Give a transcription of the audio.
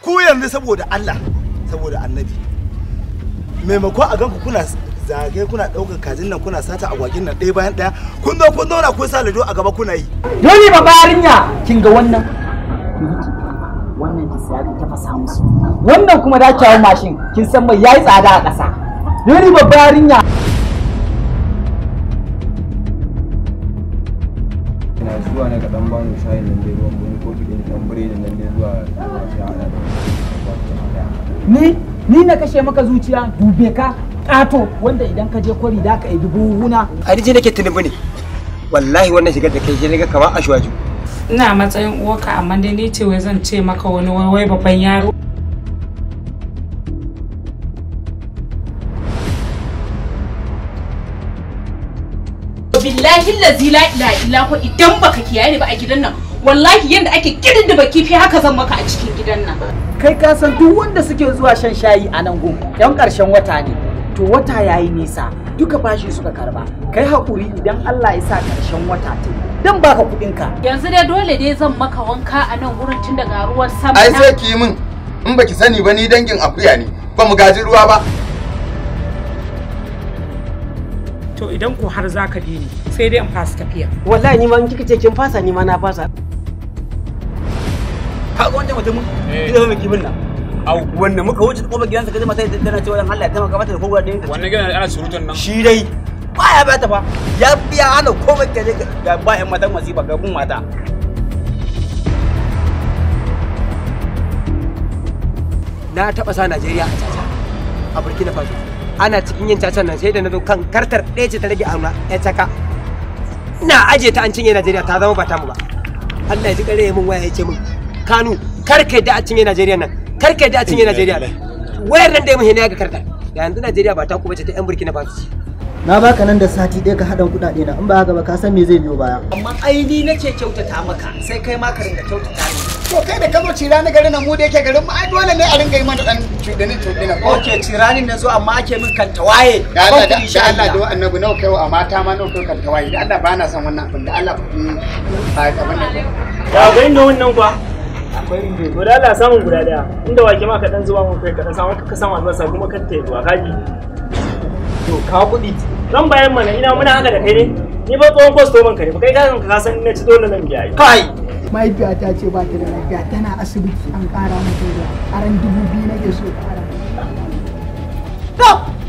ku yanzu saboda Allah saboda annabi maimakon a ganku kuna zage kuna ɗaukar kajin nan kuna sata agwagin nan ɗaya bayan ɗaya kun zo kun zauna kun sa lado a gaba kuna yi dole ba barinya kin ga wannan wannan ki saya ki tafasa musu wannan kuma dacewar mashin kin san mai yayi tsada a ƙasa dole ba barinya ina zuwa ne ga dan bani shayin nan dai ruwan bani ko ni ni na kashe maka zuciya dube ka ƙato wanda idan ka je kwari da ka ibi buhuna a rije nake tunubu ne wallahi wannan shigar da kai je ga kama ashwaju ina matsayin uwarka amma dai ni ce wai zan ce maka wani wai babban yaro billahi lazi la ilaha illa idan baka kiyaye ba a gidan nan wallahi yadda ake kidin da baki fi haka zan maka a cikin gidan nan kai ka san duk wanda suke zuwa shan shayi a nan gun yan karshen wata ne to wata yayi nisa duka bashi suka karba kai hakuri idan Allah ya sa karshen wata ta dan baka kudin ka yanzu dai dole dai zan maka wanka a nan gurin tun daga ruwan sama ai sai ki min in baki sani ba ni dangin akuya ne ba mu gaji ruwa ba to idan ko har zaka dini sai dai in fasa tafiya wallahi ni ma in kika ce kin fasa ni ma na fasa ka ga wancan mutumin eh. ina mai kibin nan au wanda muka wuce kofar gidansa kaje mata tana cewa dan Allah ya taimaka mata da kowa da wannan gidan ana surutun nan shi dai baya ba ta fa ya biya ana komai kaje ga ba yan matan masifa ga gun mata na taɓa sa Najeriya a caca a Burkina Faso ana cikin yin cacan nan sai da na zo kan kartar ɗaya ce ta rage a ya caka na aje ta an cinye Najeriya ta zama ba tamu ba Allah ya ji kare mun waya ya ce mun kanu kar da yadda a cinye najeriya nan kar da yadda a cinye najeriya nan wayar nan da ya muhimmiya ga karta yanzu najeriya ba ta kuma ce ta yan burkina faso na baka nan da sati ɗaya ka haɗa kuɗaɗe na in ba haka ba ka san me zai biyo baya amma aini nake kyautata maka sai kai ma ka ringa kyautata ni to kai da ka zo cirani garin na mu da yake garin mu ai dole ne a ringa yi mana dan cuɗinin cuɗinin okay cirani na zo amma ake min kanta waye da Allah da Allah da annabi nawa kai wa mata ma nawa kai kanta waye da Allah ba na son wannan abin da Allah mm, ba abin nan ya ga wannan kwa akwai inda to da Allah samun guda daya inda wake ma ka dan zuba mun kai ka dan samu ka samu albasa kuma ka tayi zuwa kaji to ka kudi zan bayan mana ina muna haka da kai ne ni ba tsohon kwastoman ka ne kai ka ka san ina ci dole nan biya kai mahaifiyata ce ba ta da lafiya tana asibiti an kara mata da aran dubu biyu nake so ƙara to